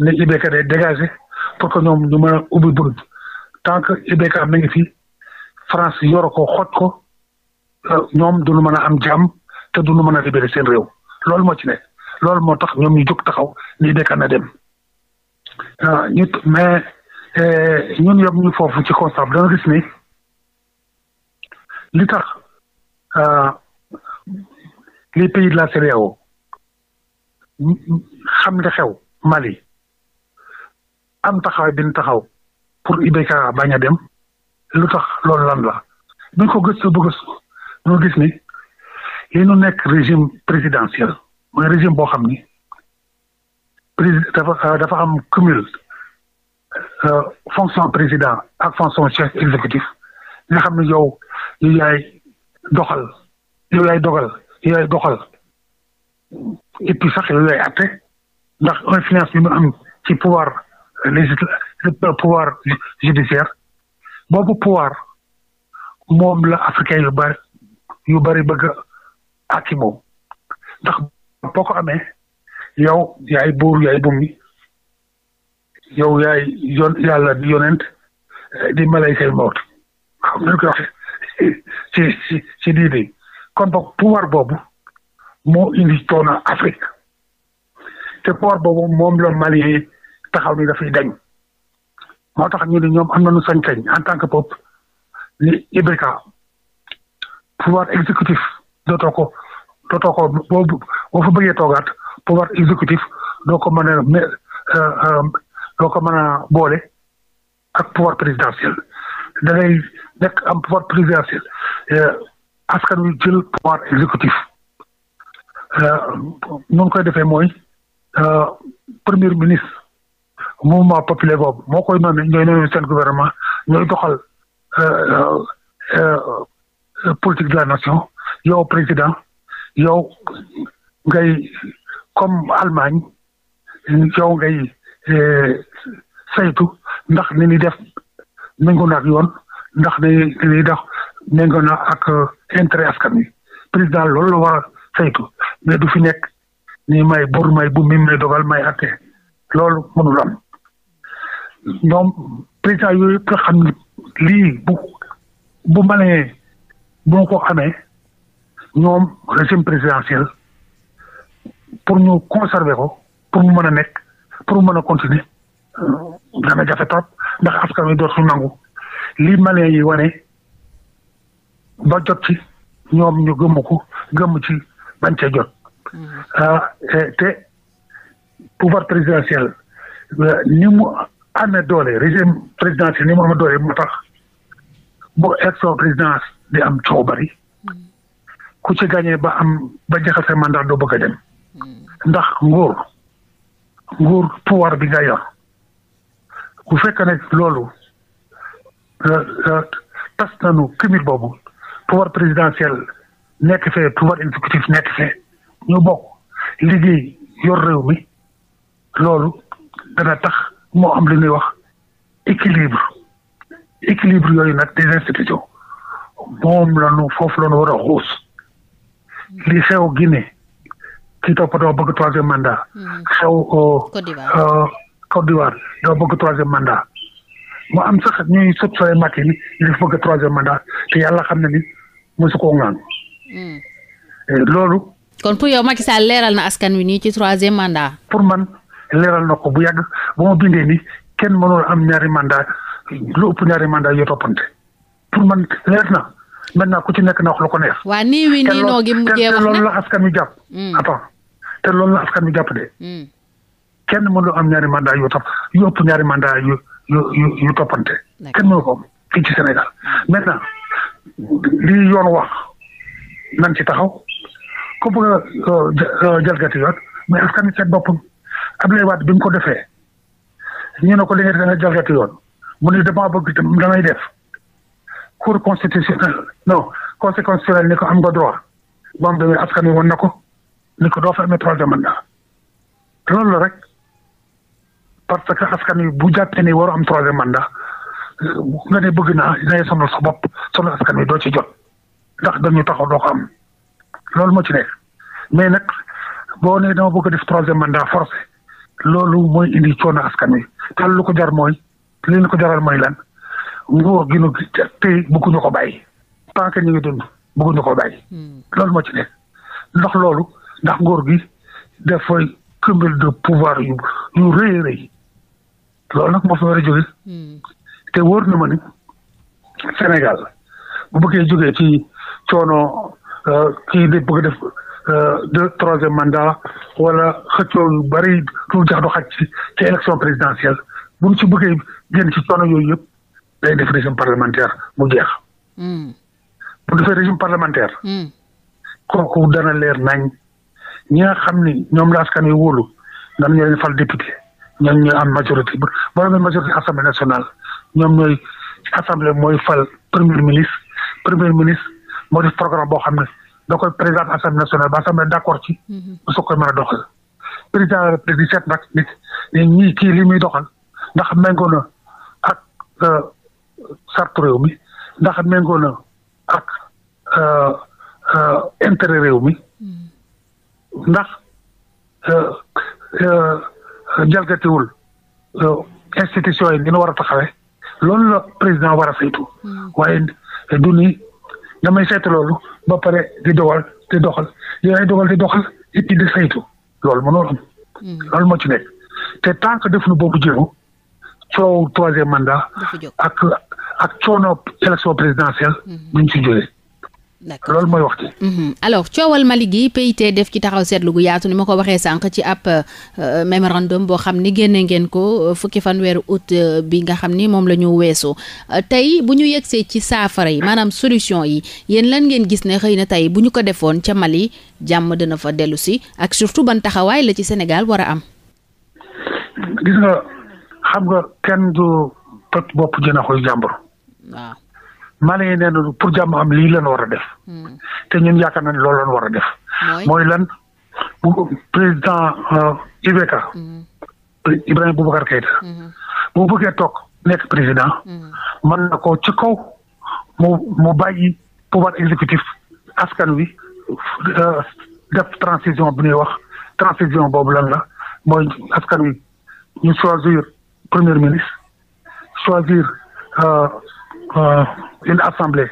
ne IBK day dégagé pour que ñoom ñu mën a ubbi bunt tant que IBK mi ngi fi France yoro ko xot ko ñoom duñu mën a am jàmm te duñu mën a libéré seen réew loolu moo ci ne loolu moo tax ñoom ñu jóg taxaw nu IBK na dem ah, mais Eh, ñun yóbbu ñu foofu ci constat bi danga gis ni li tax euh, les pays de la CEDEAO xam li xew Mali am taxaw bi taxaw pour IBK bañ a dem lu tax loolu lan la bi ko gëstu ba gëstu ñoo gis ni li ñu nekk régime présidentiel mooy régime boo xam ni dafa euh, dafa am cumul Euh, fonction président ak fonction chef exécutif nga xam ne yow yow doxal yow yaay dogal yow doxal et puis sax yow yaay atte ndax influence bi mu am ci pouvoir législatif euh, pouvoir judiciaire boobu pouvoir moom la africain yu bari yu bari bëgg a àcc moom ndax boo ko amee yow yaay buur yaay bumi yow yaay yon yàlla di yonent di malaykal mawt waaw nañ koy waxe ci ci kon boog pouvoir boobu moo indi coono Afrique te pouvoir boobu moom la Mali yi taxaw ni dafay dañ moo tax ñu ñoom am nañu sañ-sañ en tant que peuple ni IBK pouvoir exécutif dootoo ko dootoo ko boo boo fa bëggee toogaat pouvoir exécutif doo ko mën a euh, euh, doo ko mën a boole ak pouvoir présidentiel da ngay nekk am pouvoir présidentiel eh, askan wi jël pouvoir exécutif eh, nu koy defee mooy eh, premier ministre mouvement populaire boobu moo koy nommé ñooy nommé seen gouvernement ñooy doxal politique de la nation yow président yow ngay comme Allemagne yow ngay. saytu ndax ni ñuy def méngoo na ak yoon ndax dañuy dañuy def méngoo na ak uh, intérêt askan wi président loolu la war saytu mais du fi nekk ni may bor may bu mi may dogal may atte loolu mënul am ñoom président yooyu nga xam ne lii bu bu malee bu ko amee ñoom régime présidentiel pour ñu conserver ko pour mu mën a nekk. pour mën a continuer dana euh, jafe trop ndax askan wi dootul nangu lii malien yi wane ba jot ci ñoom ñu gëmm ko gëmm ci bañ cee jot mhm. ah, te pouvoir présidentiel ni mu amee doole régime présidentiel ni mu amee doole moo tax bu élection présidence di am coow bari mhm. ku ci gagné ba am ba jaxase mandat doo bëgg dem mhm. ndax nguur nguur pouvoir bi nga yor bu fekkee ne loolu euh, euh, tas nañu cumul boobu pouvoir présidentiel nekk fee pouvoir exécutif nekk fee ñu bokk liggéey yor réew mi loolu dana tax moo am li ñuy wax équilibre équilibre yooyu nag des institutions moom la ñu foofu la ñu a xuus li xew Guinée kii toppatoo bëgg troisième mandat. Mm-hmm. xew euh, Côte d'Ivoire doo bëgg troisième mandat. mu am sax ñuy sëb sooy màcc ni li bëgg troisième mandat te yàlla xam ne ni mosu koo ŋaan. Mm. loolu. kon pour yow Macky leeral na askan wi nii ci troisième mandat. pour man leeral na ko bu yàgg ba ma bindee ni kenn mënul am ñaari mandat lu ëpp ñaari mandat yoo toppante pour man leer na maintenant ku ci nekk na wax lu ko neex. waa nii wi nii noo gi mujjee wax na loolu la askan wi jàpp. Mm. te loolu la askan bi jàpp de. Hmm. kenn mënuloo am ñaari mandat yu topp yu ëpp ñaari mandat yu yu yu yu toppante. kenn mënu ko am fii ci Sénégal na lii yoon wax nan ci taxaw ku bëgg euh, jalgati yoon mais askan bi seet boppam Abdoulaye Wade bi mu ko defee ñu ne ko li nga def jalgati yoon mu ne dama bëgg damay def cour constitutionnelle non conseil constitutionnel ni ko am nga droit moom tamit askan wi woon na ko. ni ko doo fa amee projet naa loolu rek parce que askan wi bu jàppee ni waru am troisième mandat nga ne bëgg naa dinañ sonal sa bopp sonal askan wi doo ci jot ndax dañu taxaw doo ko am loolu moo ci nekk mais nag boo nee dama bëgg a def troisième mandat forcé loolu mooy indi coono askan wi te lu ko jar mooy li ñu ko jaral mooy lan nguur gi nu tey bëgguñu ko bàyyi tant que ñu ngi dund bëgguñu ko bàyyi hmm. loolu moo ci nekk ndax loolu. ndax nguur gi dafa cumul de pouvoir yu yu rëy a loolu nag moo fi war a jóge hmm. te wóor na ma ni Sénégal bu bëggee jógee ci coono kii euh, di def euh, deux troisième mandat wala xëccoo yu bari du jax du xaj ci ci élection présidentielle bu ñu ci bëggee génn ci coono yooyu yëpp day def régime parlementaire mu jeex. Hmm. bu defee régime parlementaire. Hmm. kooku dana leer nañ. ñi xam ni ñoom la askan wi wóolu ñoom ñoo leen fal député ñoom ñooy am majorité bu boo amee majorité assemblée nationale ñoom ñooy assemblée mooy fal premier ministre premier ministre moo def programme boo xam ne da koy président assemblée nationale ba assemblée d' accord ci. Mhm. su koy mën a doxal. président la di seet nag nit ñi kii li muy doxal ndax méngoo na ak sartu euh, réew mi ndax méngoo na ak euh, euh, intérêt réew mi. ndax euh, euh, jalgatiwul euh, institution yi dina war a taxawee loolu la président war a saytu hmm. waaye du ni damay saytu loolu ba pare di dogal di doxal yooyu dogal di doxal it di saytu loolu mënul am hmm. loolu moo ci nekk te tant que defuñu boobu jéego coow troisième mandat ak ak coono élection présidentielle hmm. ñu ci jógee d'accord loolu mooy waxtu mhm. alors coowal Mali gi PIT def ci taxaw seetlu gu yaatu ni ma ko waxee sànq ci ab euh, euh, mémorandum boo xam ni génne ngeen ko euh, fukki fan weeru août bi nga xam ni moom la ñu weesu tey bu ñu yegsee ci saafara yi maanaam solution yi yéen lan ngeen gis ne xëy na tey bu ñu ko defoon ca Mali jàmm dina fa dellu si ak surtout ban taxawaay la ci Sénégal war a am. gis nga xam nga kenn du tot bopp jën a jàmbur. waaw Malien nee nañu pour jàmm am lii lan war a def. Hmm. te ñun yaakaar na loolu lan war a def. mooy lan bu président euh, IBK. Hmm. Ibrahima Boubacar Keïta. Hmm. bu bëggee toog nekk président. mën na ko ci kaw mu mu bàyyi pouvoir exécutif askan wi euh, def transition bi ñuy wax transition boobu lan la mooy askan wi ñu choisir premier ministre choisir. Euh, une assemblée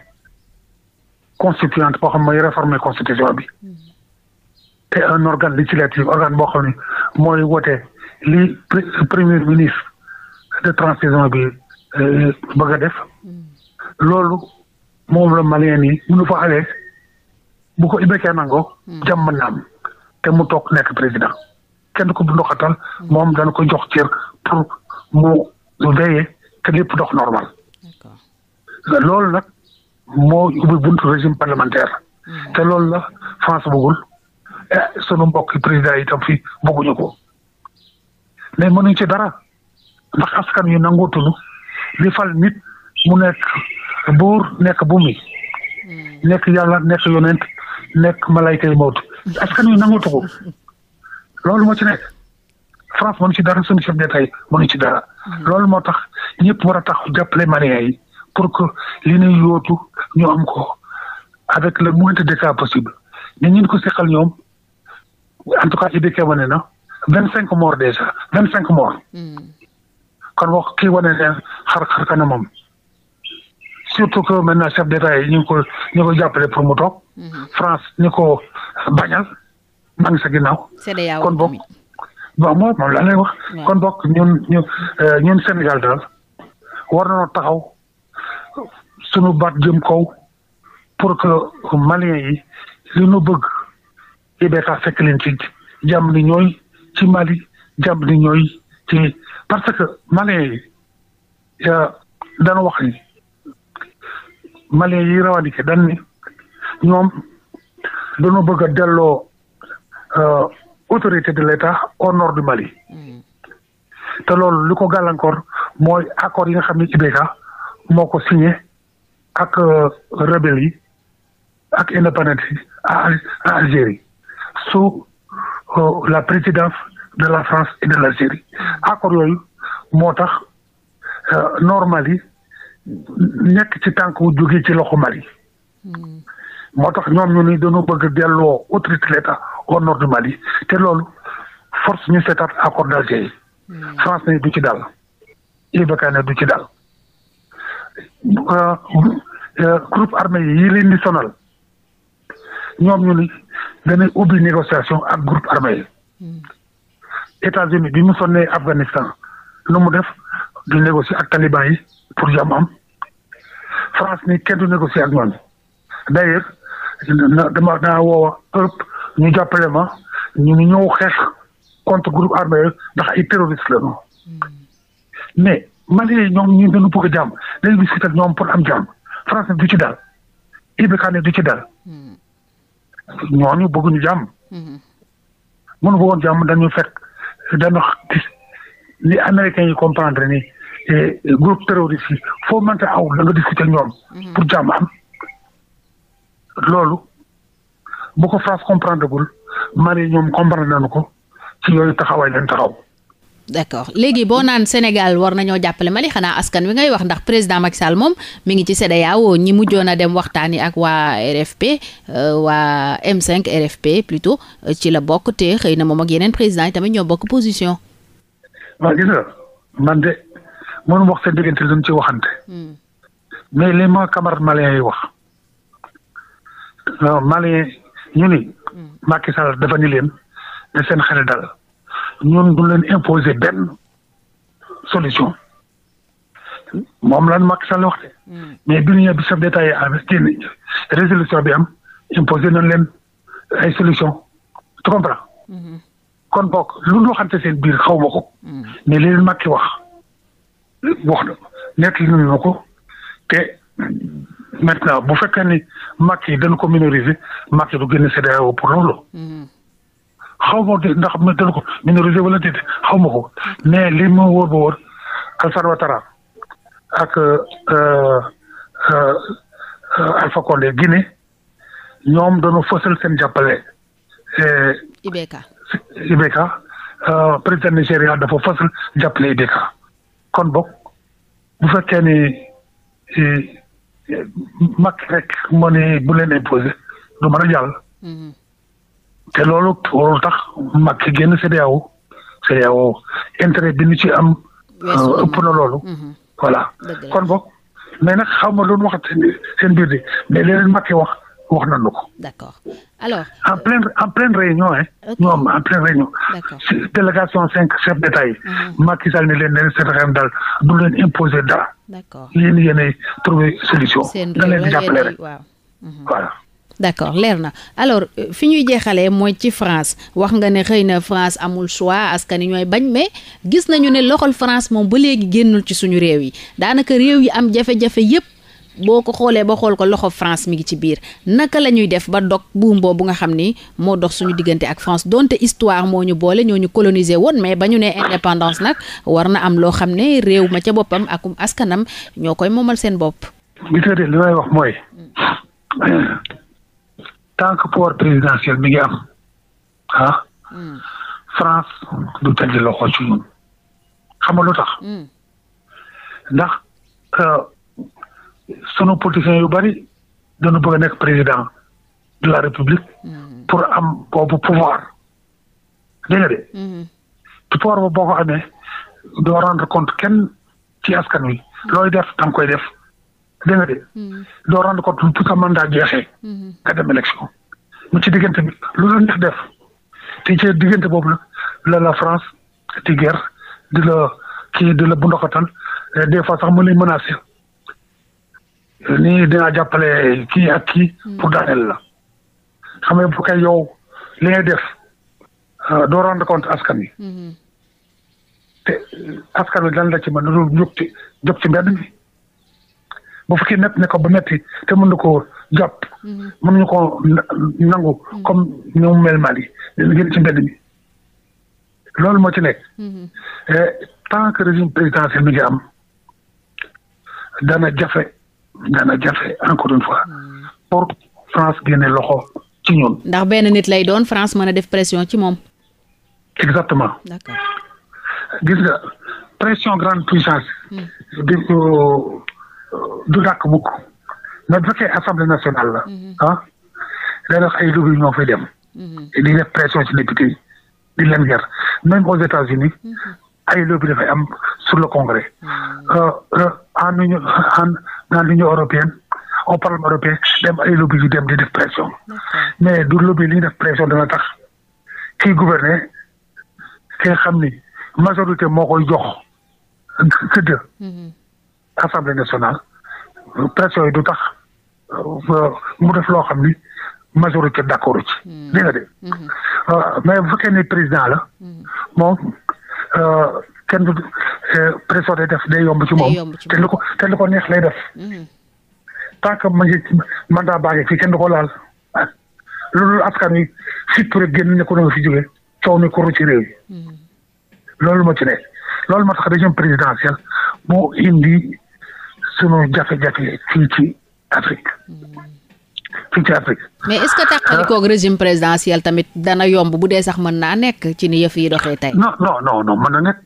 constituante boo xam mooy réformer constitution bi te un organe législatif organe boo xam ne mooy wote li premier ministre de transition bi euh, bëgg a def loolu moom la malien yi mënu fa alee bu ko ibekee nangoo jàmm mën te mu toog nekk président kenn ku bu ndoxatal moom dana ko jox cër pour mu veiller te lépp dox normal loolu na moo ubbi buntu régime parlementaire mm-hmm. te loolu la France bëggul eh sunu mbokki président yi tam fii bëgguñu ko mais mënuñ ci dara ndax askan yu nangootuñu li fal nit mu nekk buur nekk bumi mm-hmm. nekk yàlla nekk yonent nekk malaykay mawt askan yu nangootu ko loolu moo ci ne France mënu ci dara sunu chef d'état yi mënuñ ci dara mm-hmm. loolu moo tax ñëpp war a tax jàppale malien yi pour que li ñuy yootu ñu am ko avec le moins de cas possible mais ñun ko seqal ñoom en tout cas IBK wane na vingt cinq morts déjà vingt cinq morts. Hmm. kon wax kii wane ne xar xar kanamam surtout que maintenant chef d'état yi ñu ngi ko ñu ko jàppale pour mu toog. Hmm. France ñu ko bañal maa ngi sa ginnaaw. kon bokk waaw moom wax. kon bokk euh, Sénégal daal war nañoo taxaw. sunu baat jëm kaw pour que maliens yi li bëgg IBK fekk leen ci jàmm ni ñooy ci Mali jàmm ni ñooy ci parce que maliens yi dana wax ni maliens yi revendiqué dan ñoom dañoo bëgg a delloo euh, autorité de l'État au nord Mali mm. te loolu li ko gàllankoor mooy accord yi nga xam ne IBK moo ko signé ak euh, rebelles yi ak indépendance yi à Algérie sous euh, la présidence de la France et de l'Algérie accord yooyu moo tax euh, normal yi nekk ci tànk wu jógee ci loxo Mali hmm. moo tax ñoom ñu ni dañoo bëgg delloo autorité l'État au nord du Mali te loolu force ñu seetaat accord d'Alger yi hmm. France ne du ci daal Ibeka ne du ci daal Euh, euh, groupe armé yi leen di sonal ñoom ñu ni dañuy ubbi négociation ak groupe armé yi hmm. États-Unis bi mu sonnee Afghanistan nu mu def du négocier ak taliban yi pour jàmm am France ni kenn du négocier ak ñoom d'ailleurs dama naa woo Europe ñu jàppale ma ñu ñëw xeex contre groupe armé ndax ay terroristes la ñu hmm. mais Mali ñoom ñu dañu bëgg jàmm dañu discuter ak ñoom pour am jàmm français du ci dal Ibrahima du ci dal ñooñu bëgguñu jàmm. mënu bëggoon jàmm dañu fekk dañu gis li yi comprendre ni eh, groupe terroriste foo mënta aw la nga discuter ak ñoom. Mm-hmm. pour jàmm am loolu bu ko France comprendre gul Mali ñoom comprendre nu ko ci yooyu taxawaay leen taxaw. d'accord léegi boo naan Sénégal war nañoo jàppale Mali xanaa askan wi ngay wax ndax président Macky Sall moom mu ngi ci CEDEAO ñi mujjoon a dem waxtaan yi ak waa RFP euh, waa M5 RFP plutôt euh, ci la bokk te xëy na moom ak yeneen président yi tamit ñoo bokk position. waaw gis nga man de mënu wax seen diggante duñ ci waxante. Hmm. mais li ma camarade malien yi wax. Euh, malien ñu ni hmm. Macky dafa ni leen ne seen xel dal. ñun du leen imposer benn solution moom lan Macky Sall wax hmm. mais bi ñu ñëw bi chef d'état yi am génn résolution bi am imposer nañ leen ay solution tu la hmm. kon boog lu ñu waxante seen biir xaw ma ko hmm. mais li leen wax wax na li ñu ma ko te maintenant bu fekkee ni Macky dañ ko minoriser Macky du génn CEDEAO pour loolu xaw ma ndax ma dana ko minoriser wala xaw ma ko mais li ma wóor ba wóor Alassane Ouattara ak euh, euh, Alpha Guinée ñoom dañoo fësal seen jàppale. IBK eh, IBK euh, président Nigéria dafa fësal jàppale IBK kon boog bu fekkee ni mag rek moo ne imposé du mën a jàll. Mm-hmm. te loolu warul tax Macky génn CEDEAO CEDEAO intérêt bi ñu ci am. Euh, ëpp na loolu. Mhm. voilà kon boog mais nag xaw ma doon waxat seen biir di mais leneen Macky wax wax nañu ko. d'accord alors. en euh, pleine en pleine réunion hein. ñoom en pleine réunion. délégation cinq chefs d'État yi. Mhm. Macky Sall ne leen ne seen daal du leen imposer dara. d'accord yéen yéenay trouver solution. seen réew la waaw da leen di jàppale rek d'accord leer na alors euh, fi ñuy jeexalee mooy ci France wax nga ne xëy na France amul choix askan wi ñooy bañ mais gis nañu ne loxol France moom ba léegi génnul ci suñu réew yi daanaka réew yi am jafe-jafe yépp boo ko xoolee ba xool ko loxo France mi ngi ci biir naka la ñuy def ba dog buum boobu nga xam ni moo dox suñu diggante ak France donte histoire moo ñu boole ñoo ñu coloniser woon mais ba ñu nee indépendance nag war na am loo xam ne réew ma ca boppam akum askanam ñoo koy moomal seen bopp. tant que pouvoir présidentiel mi ngi am ah. Hmm. France du teg loxo ci xam nga lu tax. Hmm. ndax euh, sunu politiciens yu bari dañu bëgg a nekk président de la république. Hmm. pour am boobu pouvoir dégg de. te pouvoir boobu boo ko amee doo rendre compte kenn ci askan wi. looy def da koy def. dégg nga de. Hmm. doo rendre compte tout sa mandat jeexee. Hmm. dem élection. mu ci diggante lu la neex def te ci diggante boobu na la la France di guerre la kii di la bu ndoxatal des sax mu lay menacé nii dinaa jàppale kii ak kii. Hmm. pour daaneel la. xam nga bu kay yow li def euh, doo rendre compte askan wi. te askan wi lan la ci mën a jóg ci jóg mbedd bu fekkee nett ne ko ba metti te mën na koo jàpp mm-hmm. mën ñu ko nangu mm-hmm. comme ñoom mel Mali leen génn loolu moo ci nekk mm-hmm. tant que régime présidentiel mi ngi am dana jafe dana jafe encore une fois pour France génne loxo ci ñun ndax benn nit lay doon France mën a def pression ci moom exactement gis nga pression grande puissance mm. di ko du dàkk mukk mais bu fekkee assemblée nationale la mhm. ah day ay lobby ñoo fay dem mhm. di def pression ci député yi di leen ger même aux États-Unis mhm. ay lobby dafay am sur le congrès euh, euh, en union en dans l'union européenne au parlement européen dem ay lobby yu dem di def pression mais du lobby li def pression dana tax kii gouverner ki xam ni majorité moo koy jox gëdd assemblée nationale pression yi du tax euh, mu def loo xam ni majorité d' accord ci li hmm. nga de hmm. euh, mais bu fekkee ni président la hmm. moom euh, kenn du pression day def day yomb ci moom te lu ko te lu neex lay def tant que ma ngi mandat baa ngi fii kenn du ko laal loolu askan wi surtout rek génn ne ko na nga fi jógee coow ni ci réew yi loolu moo ci nekk loolu moo tax régime présidentiel moo indi sunu jafe-jafe fii ci Afrique fii ci Afrique. mais est-ce que tàqalikoog régime présidentiel tamit dana yomb bu dee sax mën naa nekk ci ni yëf yi doxee tey. non non non non mën na nekk.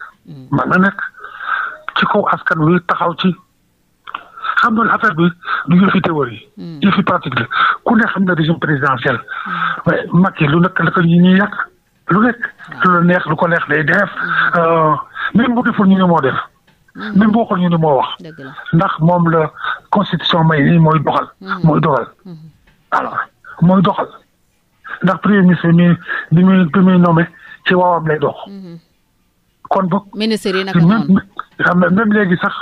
mën na nekk ci kaw askan wi taxaw ci xam nga affaire bi du yëfi théorie. Hmm. yëfi pratique la ku ne xam na régime présidentiel. waaye hmm. lu nekk lu nekk. Hmm. lu ko neex day def euh, même bu deful ñu ne moo def. même boo xool ñu ni moo wax ndax moom la constitution may nii mooy doxal mhm. mooy doxal mhm. alors doxal ndax premier ministre mi bi muy bi muy nommé ci waawam lay dox mhm. kon boog ministre yi naka léegi sax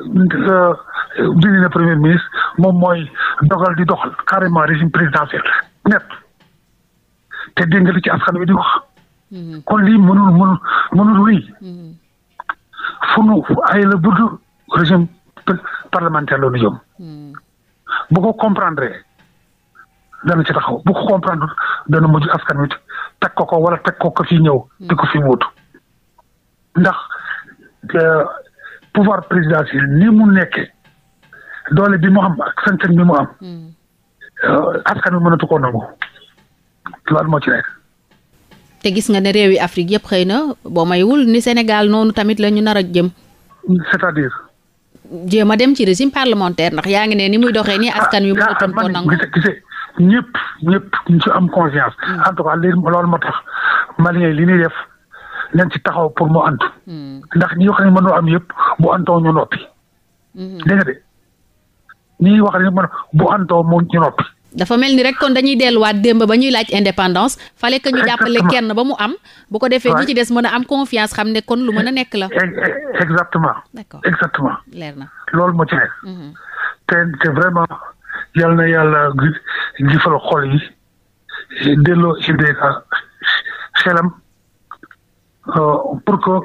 euh, dindi na premier ministre moom mooy dogal di doxal carrément régime présidentiel net te dégg li ci askan wi di wax kon lii mënul mënul mënul wéy fu nu ay la buddu régime parlementaire la ñu jëm ko comprendre dana ci taxaw bu ko comprendre dana mujj askan wi teg ko ko wala teg ko ko fi ñëw di ko fi wuutu ndax euh, pouvoir présidentiel ni mu nekkee doole bi mu am ak sañ-sañ bi mu am hmm. euh, askan wi mënatu koo nangu loolu moo ci nekk te gis nga ne réew yi Afrique yëpp xëy na boo maywul ni Sénégal noonu tamit la ñu nar a jëm. c'est-à-dire. jéem a dem ci régime parlementaire ndax yaa ngi ne ni muy doxee nii askan wi mënatuñ ah, ko ñëpp ñëpp ñu ci am conscience. Hmm. en tout loolu moo tax Maliens li ñuy def nañ ci taxaw pour mu antu. Hmm. ndax ñi wax ne mënoo am yépp bu antoo ñu noppi. Hmm. dégg nga de ñi wax ne mën bu antoo moom ñu noppi. dafa mel ni rek kon dañuy delluwaat démb ba ñuy laaj indépendance fallait que ñu jàppale kenn ba mu am bu ko defee ñi ci des mën a am confiance xam ne kon lu mën a nekk la exactement d'accord exactement leer na loolu moo ci nekk mm-hmm. te vraiment yal na yàlla gifal xol yi delloo idéeka xelam euh, pour que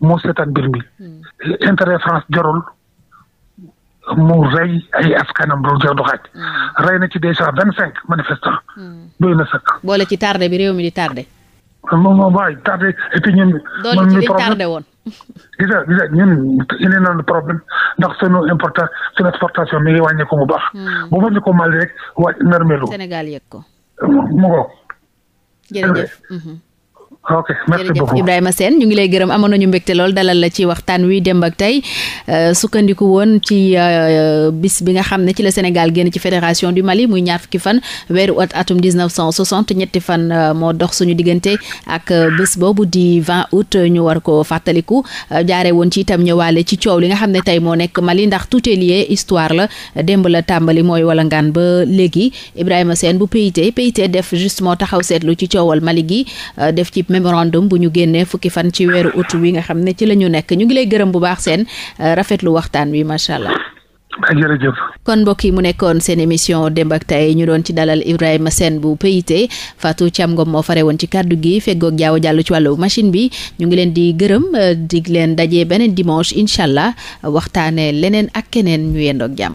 moo seetaan mbir mi mm. intérêt France jarul mu rey ay askanam ba jox doxaat. Mm. rey na ci deux vingt cinq manifestants. Mm. doy na sëkk. boole ci tardé bi réew mi di tardé. moom moom waay tardé et puis ñun. doole ci li tardé woon. gis nga gis nga ñun indi nañu problème ndax sunu importa sunu exportation mi ngi wàññeeku bu baax. Mm. bu wàññeeku Mali rek waa narmelu. Sénégal yëg ko. mu ngoog. jërëjëf. Mm-hmm. ok merci beaucoup jërëjëf Ibrahima ñu ngi lay gërëm amoon nañu mbégte lool dalal la ci waxtaan wi démb ak tey euh, sukkandiku woon ci euh, bis bi nga xam ne ci la Sénégal génn ci fédération du Mali muy ñaar fukki fan weeru at atum 1960 ñetti fan euh, moo dox suñu diggante ak bés boobu di 20 août ñu war ko fàttaliku jaare woon ci itam ñëwaale ci coow li nga xam ne tey moo nekk Mali ndax tout est histoire la démb la tàmbali mooy wala ngaan ba léegi Ibrahima Sène bu PIT PIT def juste moo taxaw seetlu ci coowal Mali gi mémorandum bu ñu génnee fukki fan ci weeru août wi nga xam ne ci la ñu nekk ñu ngi lay gërëm bu baax seen euh, rafetlu waxtaan wi macha allah. Ah, kon mbokk yi mu nekkoon seen émission démbagte ak ñu doon ci dalal Ibrahima seen bu payite Fatou Thiam Ngom moo fare woon ci kàddu gi feggoog jaaw jàll ci wàllu machine bi ñu ngi leen di gërëm euh, dig leen daje beneen dimanche incha allah waxtaanee leneen ak keneen ñu yendoog